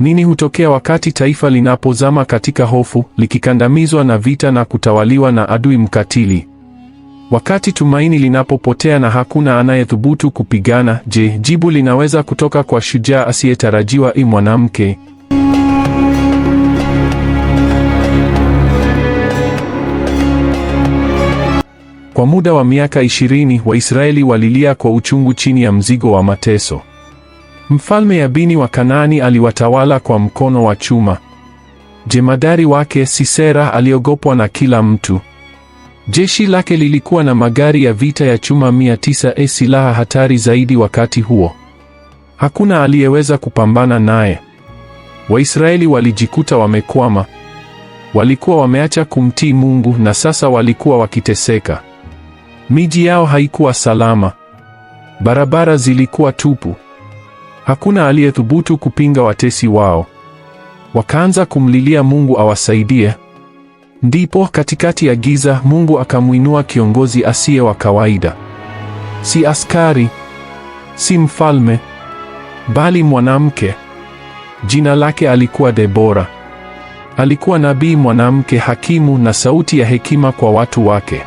Nini hutokea wakati taifa linapozama katika hofu, likikandamizwa na vita na kutawaliwa na adui mkatili? Wakati tumaini linapopotea na hakuna anayethubutu kupigana, je, jibu linaweza kutoka kwa shujaa asiyetarajiwa i mwanamke? Kwa muda wa miaka ishirini Waisraeli walilia kwa uchungu chini ya mzigo wa mateso. Mfalme Yabini wa Kanaani aliwatawala kwa mkono wa chuma. Jemadari wake Sisera aliogopwa na kila mtu. Jeshi lake lilikuwa na magari ya vita ya chuma mia tisa e silaha hatari zaidi wakati huo. Hakuna aliyeweza kupambana naye. Waisraeli walijikuta wamekwama. Walikuwa wameacha kumtii Mungu na sasa walikuwa wakiteseka. Miji yao haikuwa salama, barabara zilikuwa tupu, hakuna aliyethubutu kupinga watesi wao. Wakaanza kumlilia Mungu awasaidie. Ndipo katikati ya giza, Mungu akamwinua kiongozi asiye wa kawaida, si askari, si mfalme, bali mwanamke. Jina lake alikuwa Debora. Alikuwa nabii mwanamke, hakimu na sauti ya hekima kwa watu wake.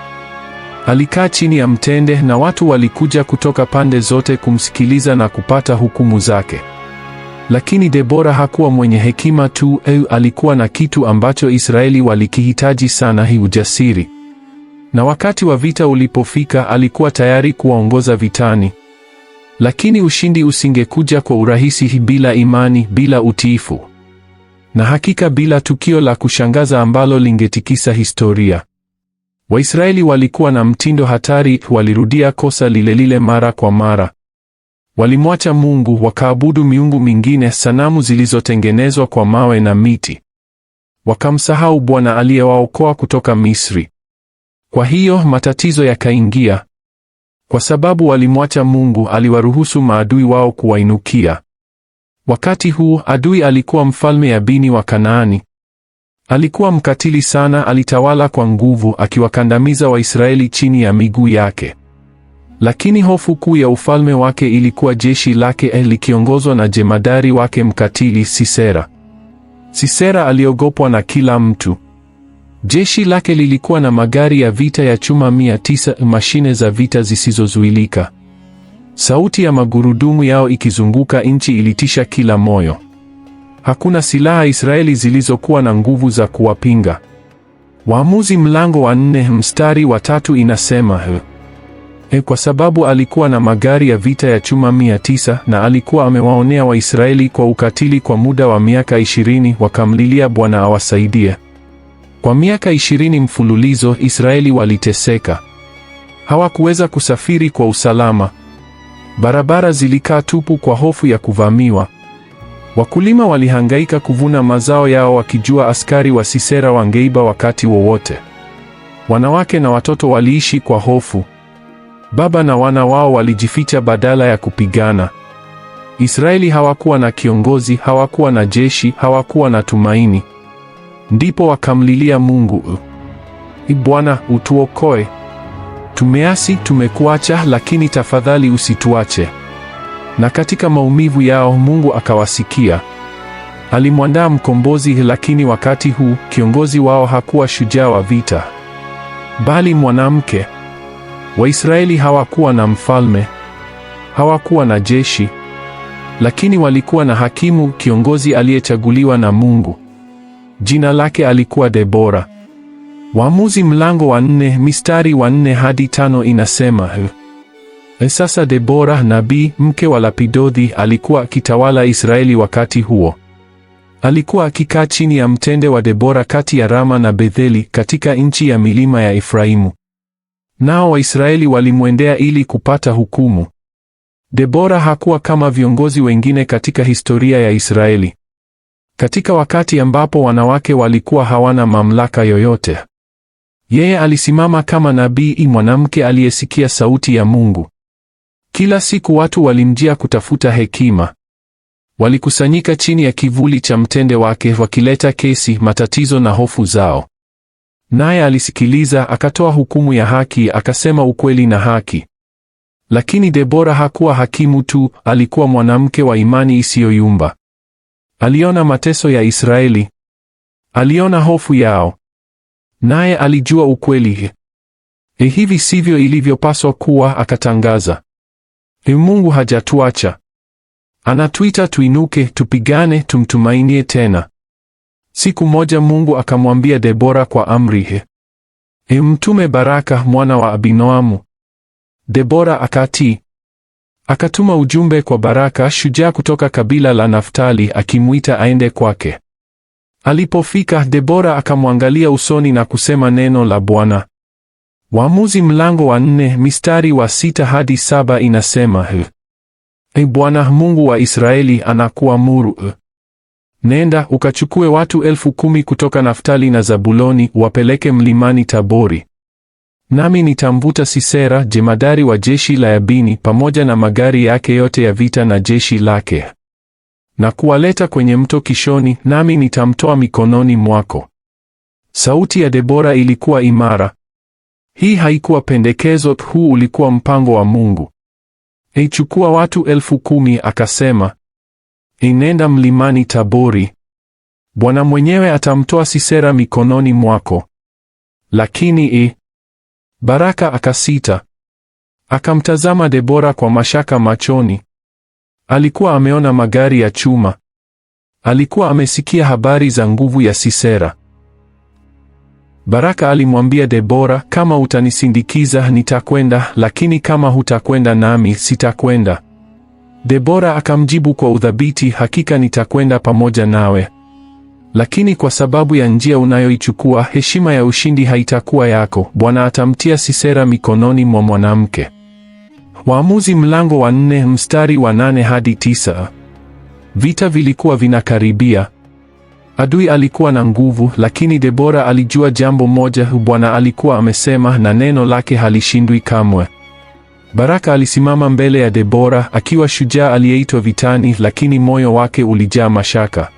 Alikaa chini ya mtende na watu walikuja kutoka pande zote kumsikiliza na kupata hukumu zake. Lakini Debora hakuwa mwenye hekima tu, eu, alikuwa na kitu ambacho Israeli walikihitaji sana, hii ujasiri. Na wakati wa vita ulipofika, alikuwa tayari kuwaongoza vitani. Lakini ushindi usingekuja kwa urahisi bila imani, bila utiifu, na hakika bila tukio la kushangaza ambalo lingetikisa historia. Waisraeli walikuwa na mtindo hatari, walirudia kosa lile lile mara kwa mara. Walimwacha Mungu wakaabudu miungu mingine, sanamu zilizotengenezwa kwa mawe na miti. Wakamsahau Bwana aliyewaokoa kutoka Misri. Kwa hiyo matatizo yakaingia. Kwa sababu walimwacha Mungu, aliwaruhusu maadui wao kuwainukia. Wakati huu adui alikuwa mfalme Yabini wa Kanaani. Alikuwa mkatili sana, alitawala kwa nguvu akiwakandamiza Waisraeli chini ya miguu yake. Lakini hofu kuu ya ufalme wake ilikuwa jeshi lake eh, likiongozwa na jemadari wake mkatili Sisera. Sisera aliogopwa na kila mtu. Jeshi lake lilikuwa na magari ya vita ya chuma mia tisa, mashine za vita zisizozuilika. Sauti ya magurudumu yao ikizunguka nchi ilitisha kila moyo. Hakuna silaha Israeli zilizokuwa na nguvu za kuwapinga. Waamuzi mlango wa nne mstari wa tatu inasema e, kwa sababu alikuwa na magari ya vita ya chuma mia tisa na alikuwa amewaonea Waisraeli kwa ukatili kwa muda wa miaka ishirini, wakamlilia Bwana awasaidie. Kwa miaka ishirini mfululizo Israeli waliteseka, hawakuweza kusafiri kwa usalama, barabara zilikaa tupu kwa hofu ya kuvamiwa. Wakulima walihangaika kuvuna mazao yao wakijua askari wa Sisera wangeiba wakati wowote. Wanawake na watoto waliishi kwa hofu. Baba na wana wao walijificha badala ya kupigana. Israeli hawakuwa na kiongozi, hawakuwa na jeshi, hawakuwa na tumaini. Ndipo wakamlilia Mungu, e Bwana, utuokoe. Tumeasi, tumekuacha, lakini tafadhali usituache na katika maumivu yao Mungu akawasikia. Alimwandaa mkombozi, lakini wakati huu kiongozi wao hakuwa shujaa wa vita, bali mwanamke. Waisraeli hawakuwa na mfalme, hawakuwa na jeshi, lakini walikuwa na hakimu, kiongozi aliyechaguliwa na Mungu. Jina lake alikuwa Debora. Waamuzi mlango wa nne mistari wa nne hadi tano inasema E sasa Debora nabii, mke wa Lapidothi, alikuwa akitawala Israeli wakati huo. Alikuwa akikaa chini ya mtende wa Debora kati ya Rama na Betheli katika nchi ya milima ya Efraimu. Nao Waisraeli walimwendea ili kupata hukumu. Debora hakuwa kama viongozi wengine katika historia ya Israeli. Katika wakati ambapo wanawake walikuwa hawana mamlaka yoyote, yeye alisimama kama nabii, mwanamke aliyesikia sauti ya Mungu. Kila siku watu walimjia kutafuta hekima. Walikusanyika chini ya kivuli cha mtende wake, wakileta kesi, matatizo na hofu zao. Naye alisikiliza, akatoa hukumu ya haki, akasema ukweli na haki. Lakini Debora hakuwa hakimu tu, alikuwa mwanamke wa imani isiyoyumba. Aliona mateso ya Israeli, aliona hofu yao, naye alijua ukweli. E, hivi sivyo ilivyopaswa kuwa, akatangaza. Ni Mungu hajatuacha. Anatuita tuinuke, tupigane, tumtumainie tena. Siku moja Mungu akamwambia Debora kwa amri he, imtume Baraka mwana wa Abinoamu. Debora akatii. Akatuma ujumbe kwa Baraka, shujaa kutoka kabila la Naftali, akimwita aende kwake. Alipofika, Debora akamwangalia usoni na kusema neno la Bwana. Waamuzi mlango wa nne mistari wa sita hadi saba inasema e, Bwana Mungu wa Israeli anakuamuru e, nenda ukachukue watu elfu kumi kutoka Naftali na Zabuloni wapeleke mlimani Tabori, nami nitamvuta Sisera jemadari wa jeshi la Yabini pamoja na magari yake yote ya vita na jeshi lake na kuwaleta kwenye mto Kishoni, nami nitamtoa mikononi mwako. Sauti ya Debora ilikuwa imara, hii haikuwa pendekezo, huu ulikuwa mpango wa Mungu. aichukua watu elfu kumi akasema, inenda mlimani Tabori, Bwana mwenyewe atamtoa Sisera mikononi mwako. Lakini i Baraka akasita, akamtazama Debora kwa mashaka machoni. Alikuwa ameona magari ya chuma, alikuwa amesikia habari za nguvu ya Sisera. Baraka alimwambia Debora, kama utanisindikiza nitakwenda, lakini kama hutakwenda nami sitakwenda. Debora akamjibu kwa udhabiti, hakika nitakwenda pamoja nawe, lakini kwa sababu ya njia unayoichukua heshima ya ushindi haitakuwa yako. Bwana atamtia Sisera mikononi mwa mwanamke. Waamuzi mlango wa nne mstari wa nane hadi tisa. Vita vilikuwa vinakaribia. Adui alikuwa na nguvu, lakini Debora alijua jambo moja: Bwana alikuwa amesema, na neno lake halishindwi kamwe. Baraka alisimama mbele ya Debora akiwa shujaa aliyeitwa vitani, lakini moyo wake ulijaa mashaka.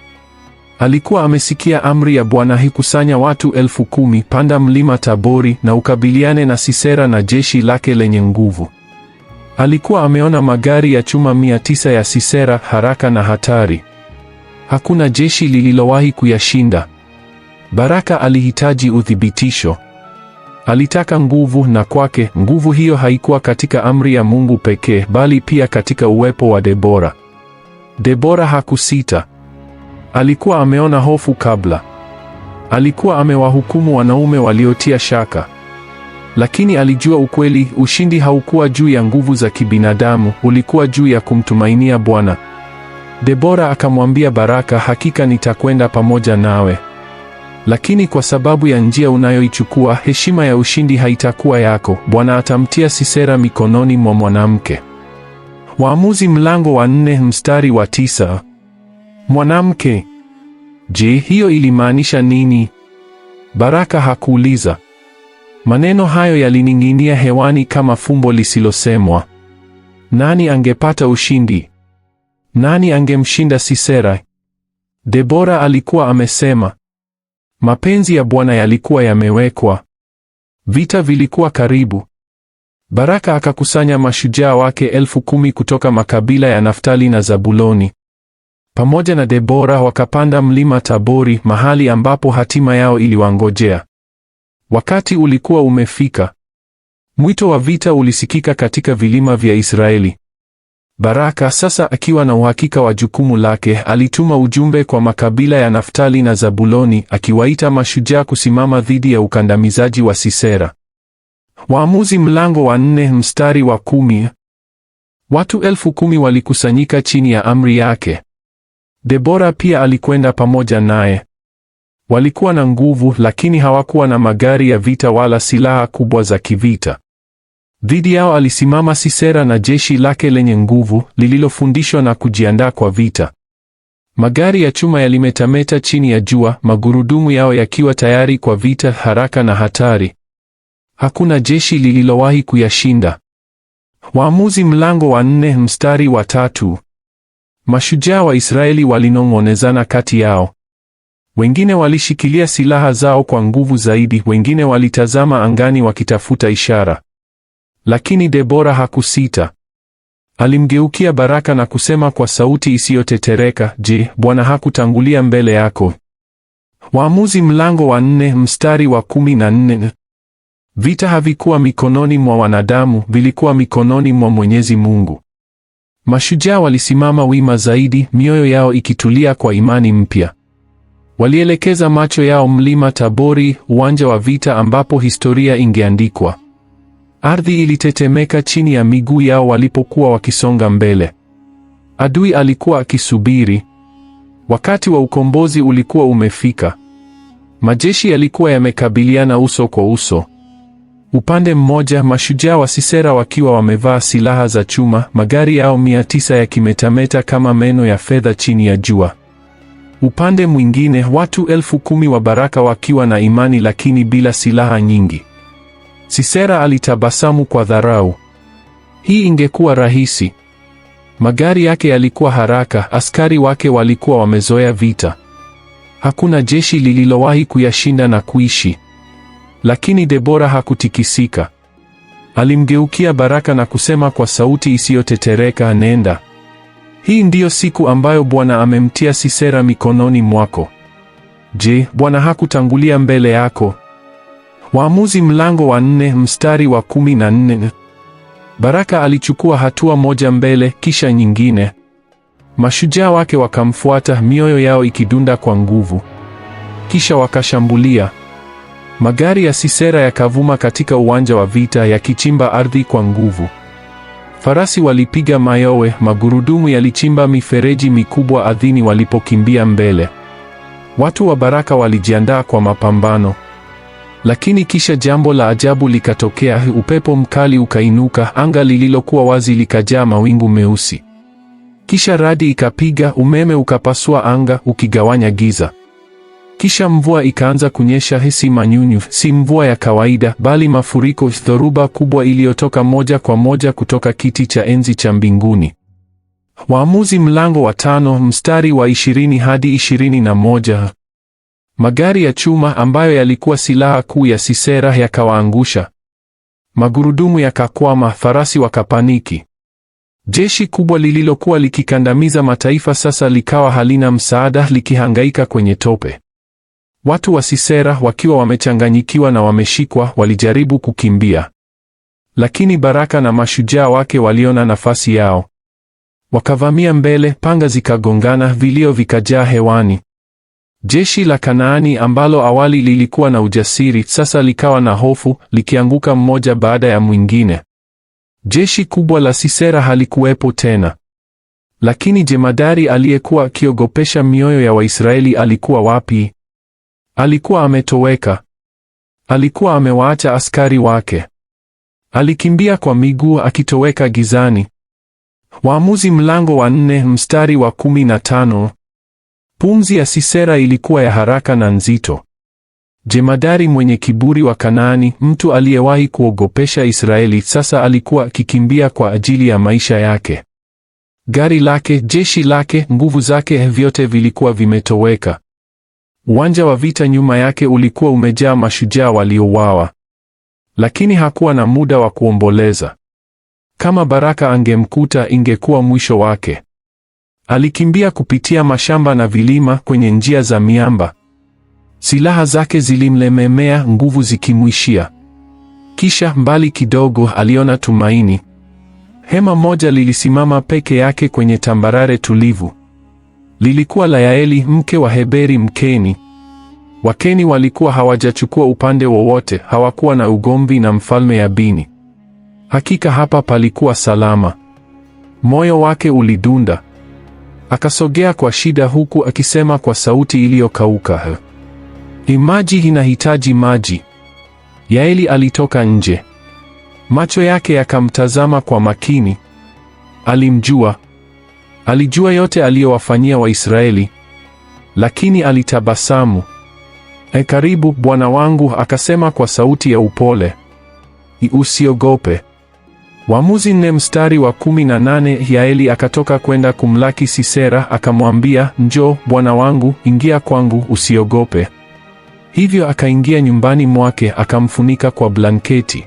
Alikuwa amesikia amri ya Bwana, hikusanya watu elfu kumi, panda mlima Tabori na ukabiliane na Sisera na jeshi lake lenye nguvu. Alikuwa ameona magari ya chuma mia tisa ya Sisera, haraka na hatari. Hakuna jeshi lililowahi kuyashinda. Baraka alihitaji uthibitisho. Alitaka nguvu na kwake nguvu hiyo haikuwa katika amri ya Mungu pekee bali pia katika uwepo wa Debora. Debora hakusita. Alikuwa ameona hofu kabla. Alikuwa amewahukumu wanaume waliotia shaka. Lakini alijua ukweli, ushindi haukuwa juu ya nguvu za kibinadamu, ulikuwa juu ya kumtumainia Bwana. Debora akamwambia Baraka, hakika nitakwenda pamoja nawe, lakini kwa sababu ya njia unayoichukua heshima ya ushindi haitakuwa yako. Bwana atamtia Sisera mikononi mwa mwanamke. Waamuzi mlango wa nne mstari wa tisa. Mwanamke. Je, hiyo ilimaanisha nini? Baraka hakuuliza. Maneno hayo yalining'inia hewani kama fumbo lisilosemwa. Nani angepata ushindi? Nani angemshinda Sisera? Debora alikuwa amesema. Mapenzi ya Bwana yalikuwa yamewekwa. Vita vilikuwa karibu. Baraka akakusanya mashujaa wake elfu kumi kutoka makabila ya Naftali na Zabuloni. Pamoja na Debora wakapanda mlima Tabori, mahali ambapo hatima yao iliwangojea. Wakati ulikuwa umefika. Mwito wa vita ulisikika katika vilima vya Israeli. Baraka sasa akiwa na uhakika wa jukumu lake, alituma ujumbe kwa makabila ya Naftali na Zabuloni akiwaita mashujaa kusimama dhidi ya ukandamizaji wa Sisera. Waamuzi mlango wa nne mstari wa kumi. Watu elfu kumi walikusanyika chini ya amri yake. Debora pia alikwenda pamoja naye. Walikuwa na nguvu, lakini hawakuwa na magari ya vita wala silaha kubwa za kivita. Dhidi yao alisimama Sisera na jeshi lake lenye nguvu lililofundishwa na kujiandaa kwa vita. Magari ya chuma yalimetameta chini ya jua, magurudumu yao yakiwa tayari kwa vita, haraka na hatari. Hakuna jeshi lililowahi kuyashinda. Waamuzi mlango wa nne mstari wa tatu. Mashujaa wa Israeli walinong'onezana kati yao. Wengine walishikilia silaha zao kwa nguvu zaidi, wengine walitazama angani wakitafuta ishara. Lakini Debora hakusita. Alimgeukia Baraka na kusema kwa sauti isiyotetereka, Je, Bwana hakutangulia mbele yako? Waamuzi mlango wa nne mstari wa kumi na nne. Vita havikuwa mikononi mwa wanadamu, vilikuwa mikononi mwa Mwenyezi Mungu. Mashujaa walisimama wima zaidi, mioyo yao ikitulia kwa imani mpya. Walielekeza macho yao mlima Tabori, uwanja wa vita ambapo historia ingeandikwa. Ardhi ilitetemeka chini ya miguu yao walipokuwa wakisonga mbele. Adui alikuwa akisubiri. Wakati wa ukombozi ulikuwa umefika. Majeshi yalikuwa yamekabiliana uso kwa uso. Upande mmoja, mashujaa wa Sisera wakiwa wamevaa silaha za chuma, magari yao mia tisa yakimetameta kama meno ya fedha chini ya jua. Upande mwingine, watu elfu kumi wa Baraka wakiwa na imani lakini bila silaha nyingi. Sisera alitabasamu kwa dharau. Hii ingekuwa rahisi. Magari yake yalikuwa haraka, askari wake walikuwa wamezoea vita. Hakuna jeshi lililowahi kuyashinda na kuishi. Lakini Debora hakutikisika. Alimgeukia Baraka na kusema kwa sauti isiyotetereka, nenda. Hii ndiyo siku ambayo Bwana amemtia Sisera mikononi mwako. Je, Bwana hakutangulia mbele yako? Waamuzi mlango wa nne mstari wa kumi na nne. Baraka alichukua hatua moja mbele kisha nyingine. Mashujaa wake wakamfuata, mioyo yao ikidunda kwa nguvu. Kisha wakashambulia. Magari ya Sisera yakavuma katika uwanja wa vita, yakichimba ardhi kwa nguvu. Farasi walipiga mayowe, magurudumu yalichimba mifereji mikubwa ardhini walipokimbia mbele. Watu wa Baraka walijiandaa kwa mapambano. Lakini kisha jambo la ajabu likatokea. Upepo mkali ukainuka, anga lililokuwa wazi likajaa mawingu meusi. Kisha radi ikapiga, umeme ukapasua anga ukigawanya giza. Kisha mvua ikaanza kunyesha, hesi manyunyu, si mvua ya kawaida, bali mafuriko, dhoruba kubwa iliyotoka moja kwa moja kutoka kiti cha enzi cha mbinguni. Waamuzi mlango wa tano mstari wa ishirini hadi ishirini na moja. Magari ya chuma ambayo yalikuwa silaha kuu ya Sisera yakawaangusha, magurudumu yakakwama, farasi wakapaniki. Jeshi kubwa lililokuwa likikandamiza mataifa sasa likawa halina msaada, likihangaika kwenye tope. Watu wa Sisera wakiwa wamechanganyikiwa na wameshikwa, walijaribu kukimbia, lakini Baraka na mashujaa wake waliona nafasi yao, wakavamia mbele, panga zikagongana, vilio vikajaa hewani. Jeshi la Kanaani ambalo awali lilikuwa na ujasiri, sasa likawa na hofu, likianguka mmoja baada ya mwingine. Jeshi kubwa la Sisera halikuwepo tena. Lakini jemadari aliyekuwa akiogopesha mioyo ya Waisraeli alikuwa wapi? Alikuwa ametoweka. Alikuwa amewaacha askari wake. Alikimbia kwa miguu akitoweka gizani. Waamuzi mlango wa nne mstari wa kumi na tano. Pumzi ya Sisera ilikuwa ya haraka na nzito. Jemadari mwenye kiburi wa Kanaani, mtu aliyewahi kuogopesha Israeli, sasa alikuwa akikimbia kwa ajili ya maisha yake. Gari lake, jeshi lake, nguvu zake, vyote vilikuwa vimetoweka. Uwanja wa vita nyuma yake ulikuwa umejaa mashujaa waliouawa, lakini hakuwa na muda wa kuomboleza. Kama Baraka angemkuta, ingekuwa mwisho wake. Alikimbia kupitia mashamba na vilima kwenye njia za miamba. Silaha zake zilimlememea, nguvu zikimwishia. Kisha mbali kidogo aliona tumaini. Hema moja lilisimama peke yake kwenye tambarare tulivu. Lilikuwa la Yaeli mke wa Heberi Mkeni. Wakeni walikuwa hawajachukua upande wowote, hawakuwa na ugomvi na mfalme Yabini. Hakika hapa palikuwa salama. Moyo wake ulidunda. Akasogea kwa shida huku akisema kwa sauti iliyokauka, maji inahitaji maji. Yaeli alitoka nje, macho yake yakamtazama kwa makini. Alimjua, alijua yote aliyowafanyia Waisraeli, lakini alitabasamu. E, karibu bwana wangu, akasema kwa sauti ya upole, usiogope. Waamuzi nne mstari wa kumi na nane Yaeli akatoka kwenda kumlaki Sisera, akamwambia, njoo bwana wangu, ingia kwangu, usiogope. Hivyo akaingia nyumbani mwake, akamfunika kwa blanketi.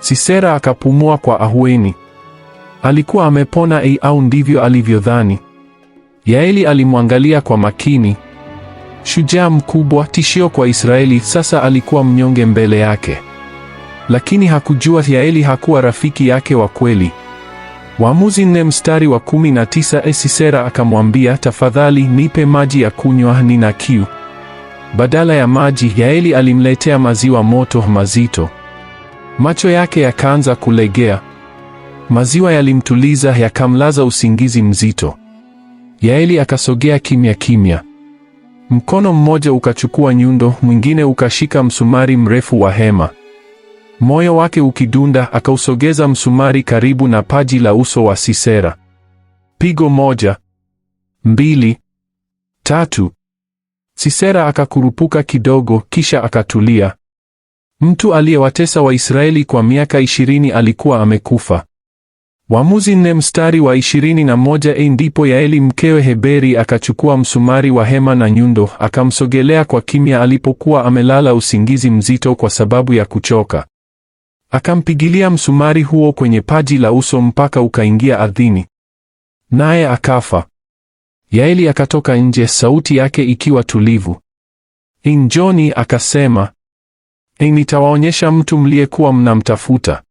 Sisera akapumua kwa ahueni. Alikuwa amepona ei, au ndivyo alivyodhani. Yaeli alimwangalia kwa makini. Shujaa mkubwa, tishio kwa Israeli, sasa alikuwa mnyonge mbele yake lakini hakujua Yaeli hakuwa rafiki yake wa kweli. Waamuzi nne mstari wa kumi na tisa Sisera akamwambia, tafadhali nipe maji ya kunywa, nina kiu. Badala ya maji, Yaeli alimletea maziwa moto mazito. Macho yake yakaanza kulegea. Maziwa yalimtuliza, yakamlaza usingizi mzito. Yaeli akasogea kimya kimya. Mkono mmoja ukachukua nyundo, mwingine ukashika msumari mrefu wa hema moyo wake ukidunda, akausogeza msumari karibu na paji la uso wa Sisera. Pigo moja, mbili, tatu. Sisera akakurupuka kidogo, kisha akatulia. Mtu aliyewatesa Waisraeli kwa miaka ishirini alikuwa amekufa. Waamuzi nne mstari wa ishirini na moja. E, ndipo Yaeli mkewe Heberi akachukua msumari wa hema na nyundo, akamsogelea kwa kimya alipokuwa amelala usingizi mzito kwa sababu ya kuchoka. Akampigilia msumari huo kwenye paji la uso mpaka ukaingia ardhini, naye akafa. Yaeli akatoka nje, sauti yake ikiwa tulivu. Injoni akasema, nitawaonyesha mtu mliyekuwa mnamtafuta.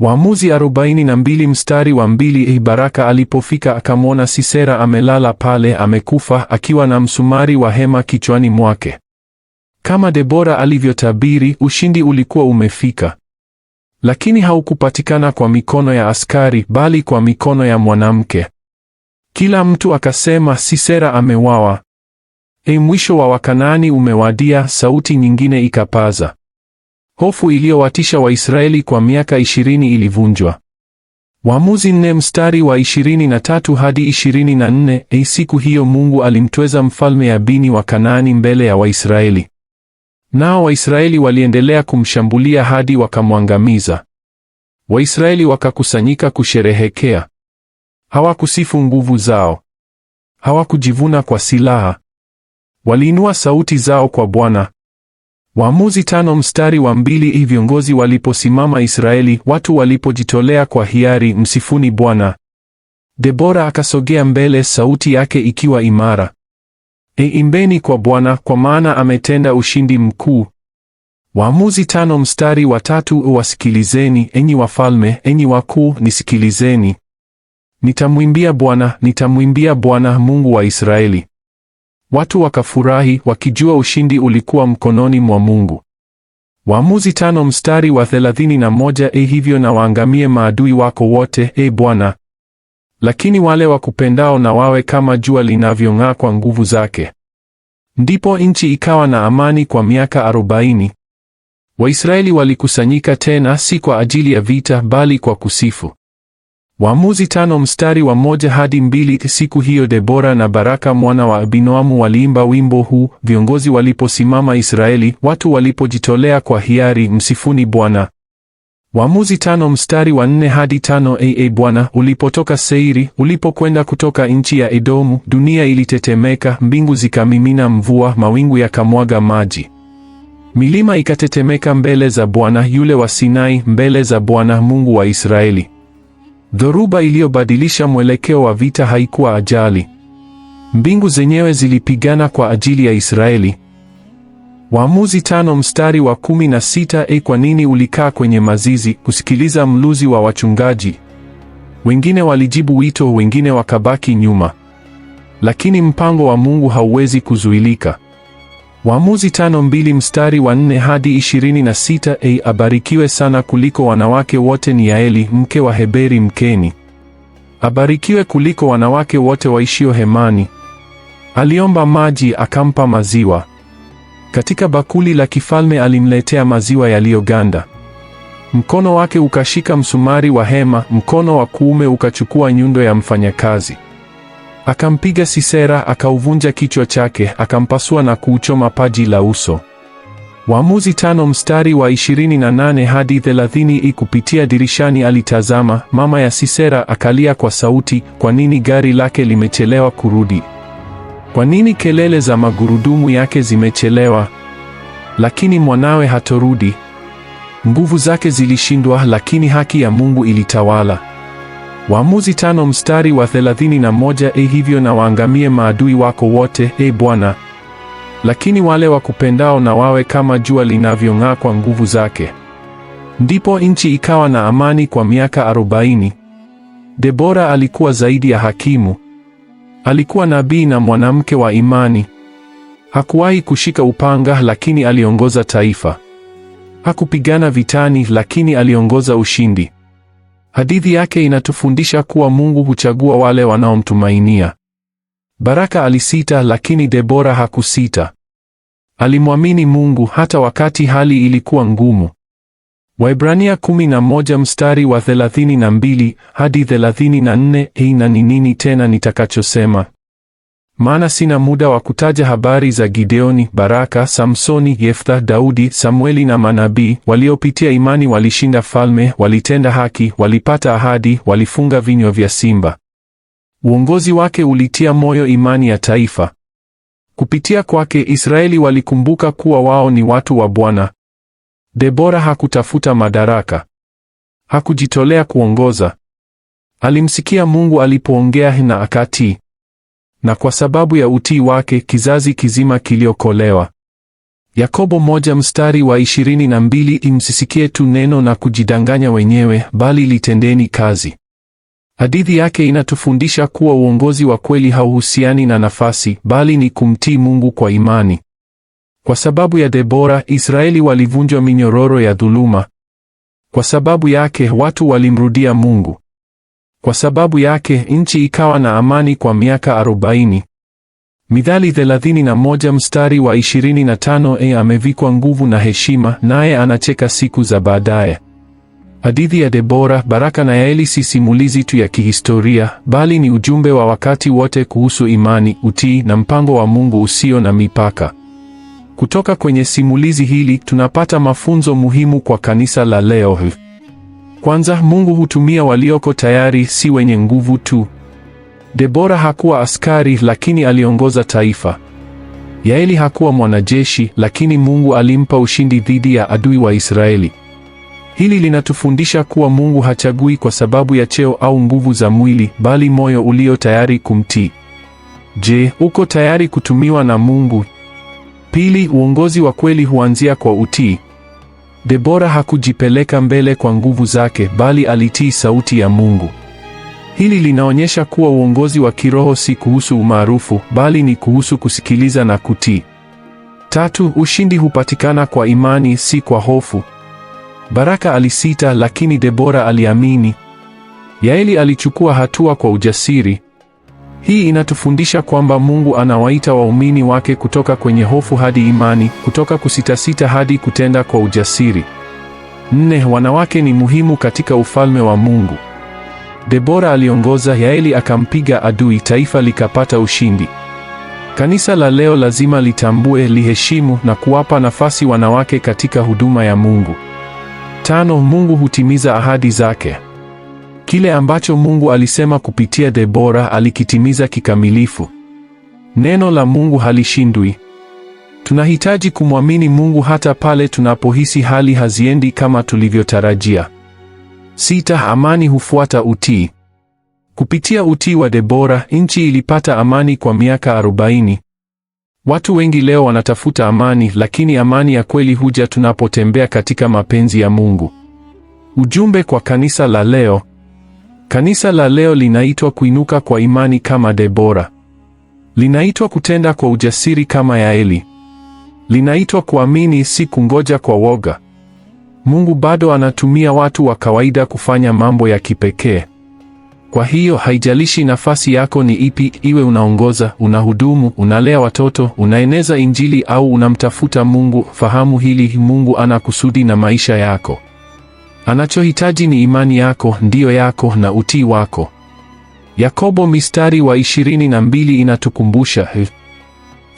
Waamuzi 42 mstari wa mbili. Baraka alipofika akamwona Sisera amelala pale amekufa, akiwa na msumari wa hema kichwani mwake. Kama Debora alivyotabiri, ushindi ulikuwa umefika lakini haukupatikana kwa mikono ya askari, bali kwa mikono ya mwanamke. Kila mtu akasema Sisera amewawa. E, mwisho wa Wakanaani umewadia. Sauti nyingine ikapaza. Hofu iliyowatisha Waisraeli kwa miaka ishirini ilivunjwa. Waamuzi nne mstari wa ishirini na tatu hadi ishirini na nne. E, siku hiyo Mungu alimtweza mfalme Yabini wa Kanaani mbele ya Waisraeli. Nao Waisraeli waliendelea kumshambulia hadi wakamwangamiza. Waisraeli wakakusanyika kusherehekea. Hawakusifu nguvu zao, hawakujivuna kwa silaha, waliinua sauti zao kwa Bwana. Waamuzi tano mstari wa mbili. Hii viongozi waliposimama Israeli, watu walipojitolea kwa hiari, msifuni Bwana. Debora akasogea mbele, sauti yake ikiwa imara. E, imbeni kwa Bwana kwa maana ametenda ushindi mkuu. Waamuzi tano mstari wa tatu wasikilizeni, enyi wafalme, enyi wakuu, nisikilizeni. Nitamwimbia Bwana, nitamwimbia Bwana Mungu wa Israeli. Watu wakafurahi wakijua ushindi ulikuwa mkononi mwa Mungu. Waamuzi tano mstari wa thelathini na moja, e hivyo na waangamie maadui wako wote, e Bwana. Lakini wale wakupendao na wawe kama jua linavyong'aa kwa nguvu zake. Ndipo nchi ikawa na amani kwa miaka arobaini. Waisraeli walikusanyika tena, si kwa ajili ya vita, bali kwa kusifu. Waamuzi tano mstari wa moja hadi mbili. Siku hiyo Debora na Baraka mwana wa Abinoamu waliimba wimbo huu: viongozi waliposimama Israeli, watu walipojitolea kwa hiari, msifuni Bwana. Waamuzi tano mstari wa nne hadi tano aa ee Bwana, ulipotoka Seiri, ulipokwenda kutoka nchi ya Edomu, dunia ilitetemeka, mbingu zikamimina mvua, mawingu yakamwaga maji. Milima ikatetemeka mbele za Bwana yule wa Sinai, mbele za Bwana Mungu wa Israeli. Dhoruba iliyobadilisha mwelekeo wa vita haikuwa ajali. Mbingu zenyewe zilipigana kwa ajili ya Israeli. Waamuzi tano mstari wa kumi na sita e, kwa nini ulikaa kwenye mazizi kusikiliza mluzi wa wachungaji? Wengine walijibu wito, wengine wakabaki nyuma, lakini mpango wa Mungu hauwezi kuzuilika. Waamuzi tano mbili mstari wa nne hadi ishirini na sita e, abarikiwe sana kuliko wanawake wote ni Yaeli mke wa Heberi Mkeni, abarikiwe kuliko wanawake wote waishio hemani. Aliomba maji akampa maziwa. Katika bakuli la kifalme alimletea maziwa yaliyoganda. Mkono wake ukashika msumari wa hema, mkono wa kuume ukachukua nyundo ya mfanyakazi. Akampiga Sisera, akauvunja kichwa chake, akampasua na kuuchoma paji la uso. Waamuzi tano mstari wa 28 hadi 30. Ikupitia dirishani alitazama, mama ya Sisera akalia kwa sauti, kwa nini gari lake limechelewa kurudi? Kwa nini kelele za magurudumu yake zimechelewa? Lakini mwanawe hatorudi. Nguvu zake zilishindwa, lakini haki ya Mungu ilitawala. Waamuzi tano mstari wa thelathini na moja. E, hivyo na waangamie maadui wako wote, e Bwana, lakini wale wakupendao na wawe kama jua linavyong'aa kwa nguvu zake. Ndipo nchi ikawa na amani kwa miaka arobaini. Debora alikuwa zaidi ya hakimu. Alikuwa nabii na mwanamke wa imani. Hakuwahi kushika upanga, lakini aliongoza taifa. Hakupigana vitani, lakini aliongoza ushindi. Hadithi yake inatufundisha kuwa Mungu huchagua wale wanaomtumainia. Baraka alisita, lakini Debora hakusita. Alimwamini Mungu hata wakati hali ilikuwa ngumu. Waibrania 11 mstari wa 32 hadi 34. Hii na ni nini tena nitakachosema? Maana sina muda wa kutaja habari za Gideoni, Baraka, Samsoni, Yeftha, Daudi, Samueli na manabii waliopitia imani, walishinda falme, walitenda haki, walipata ahadi, walifunga vinywa vya simba. Uongozi wake ulitia moyo imani ya taifa. Kupitia kwake Israeli walikumbuka kuwa wao ni watu wa Bwana. Debora hakutafuta madaraka, hakujitolea kuongoza. Alimsikia Mungu alipoongea na akatii, na kwa sababu ya utii wake kizazi kizima kiliokolewa. Yakobo moja mstari wa ishirini na mbili imsisikie tu neno na kujidanganya wenyewe, bali litendeni kazi. Hadithi yake inatufundisha kuwa uongozi wa kweli hauhusiani na nafasi, bali ni kumtii Mungu kwa imani. Kwa sababu ya Debora, Israeli walivunjwa minyororo ya dhuluma. Kwa sababu yake watu walimrudia Mungu. Kwa sababu yake nchi ikawa na amani kwa miaka 40. Mithali 31 mstari wa 25, e, amevikwa nguvu na heshima, naye anacheka siku za baadaye. Hadithi ya Debora, Baraka na Yaeli si simulizi tu ya kihistoria, bali ni ujumbe wa wakati wote kuhusu imani, utii na mpango wa Mungu usio na mipaka. Kutoka kwenye simulizi hili tunapata mafunzo muhimu kwa kanisa la leo. Kwanza, Mungu hutumia walioko tayari, si wenye nguvu tu. Debora hakuwa askari, lakini aliongoza taifa. Yaeli hakuwa mwanajeshi, lakini Mungu alimpa ushindi dhidi ya adui wa Israeli. Hili linatufundisha kuwa Mungu hachagui kwa sababu ya cheo au nguvu za mwili, bali moyo ulio tayari kumtii. Je, uko tayari kutumiwa na Mungu? Pili, uongozi wa kweli huanzia kwa utii. Debora hakujipeleka mbele kwa nguvu zake, bali alitii sauti ya Mungu. Hili linaonyesha kuwa uongozi wa kiroho si kuhusu umaarufu, bali ni kuhusu kusikiliza na kutii. Tatu, ushindi hupatikana kwa imani, si kwa hofu. Baraka alisita, lakini Debora aliamini. Yaeli alichukua hatua kwa ujasiri. Hii inatufundisha kwamba Mungu anawaita waumini wake kutoka kwenye hofu hadi imani, kutoka kusitasita hadi kutenda kwa ujasiri. Nne, wanawake ni muhimu katika ufalme wa Mungu. Debora aliongoza, Yaeli akampiga adui, taifa likapata ushindi. Kanisa la leo lazima litambue, liheshimu na kuwapa nafasi wanawake katika huduma ya Mungu. Tano, Mungu hutimiza ahadi zake. Kile ambacho Mungu alisema kupitia Debora alikitimiza kikamilifu. Neno la Mungu halishindwi. Tunahitaji kumwamini Mungu hata pale tunapohisi hali haziendi kama tulivyotarajia. Sita, amani hufuata utii. Kupitia utii wa Debora, nchi ilipata amani kwa miaka 40. Watu wengi leo wanatafuta amani, lakini amani ya kweli huja tunapotembea katika mapenzi ya Mungu. Ujumbe kwa kanisa la leo: Kanisa la leo linaitwa kuinuka kwa imani kama Debora. Linaitwa kutenda kwa ujasiri kama Yaeli. Linaitwa kuamini, si kungoja kwa woga. Mungu bado anatumia watu wa kawaida kufanya mambo ya kipekee. Kwa hiyo haijalishi nafasi yako ni ipi, iwe unaongoza, unahudumu, unalea watoto, unaeneza Injili au unamtafuta Mungu, fahamu hili: Mungu ana kusudi na maisha yako. Anachohitaji ni imani yako, ndiyo yako na utii wako. Yakobo mistari wa ishirini na mbili inatukumbusha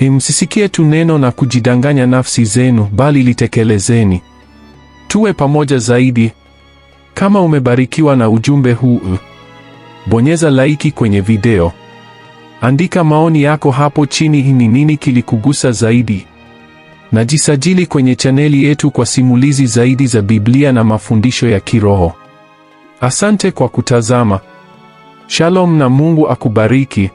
msisikie tu neno na kujidanganya nafsi zenu, bali litekelezeni. Tuwe pamoja zaidi. Kama umebarikiwa na ujumbe huu, bonyeza laiki kwenye video, andika maoni yako hapo chini. Ni nini kilikugusa zaidi? Najisajili kwenye chaneli yetu kwa simulizi zaidi za Biblia na mafundisho ya kiroho. Asante kwa kutazama. Shalom na Mungu akubariki.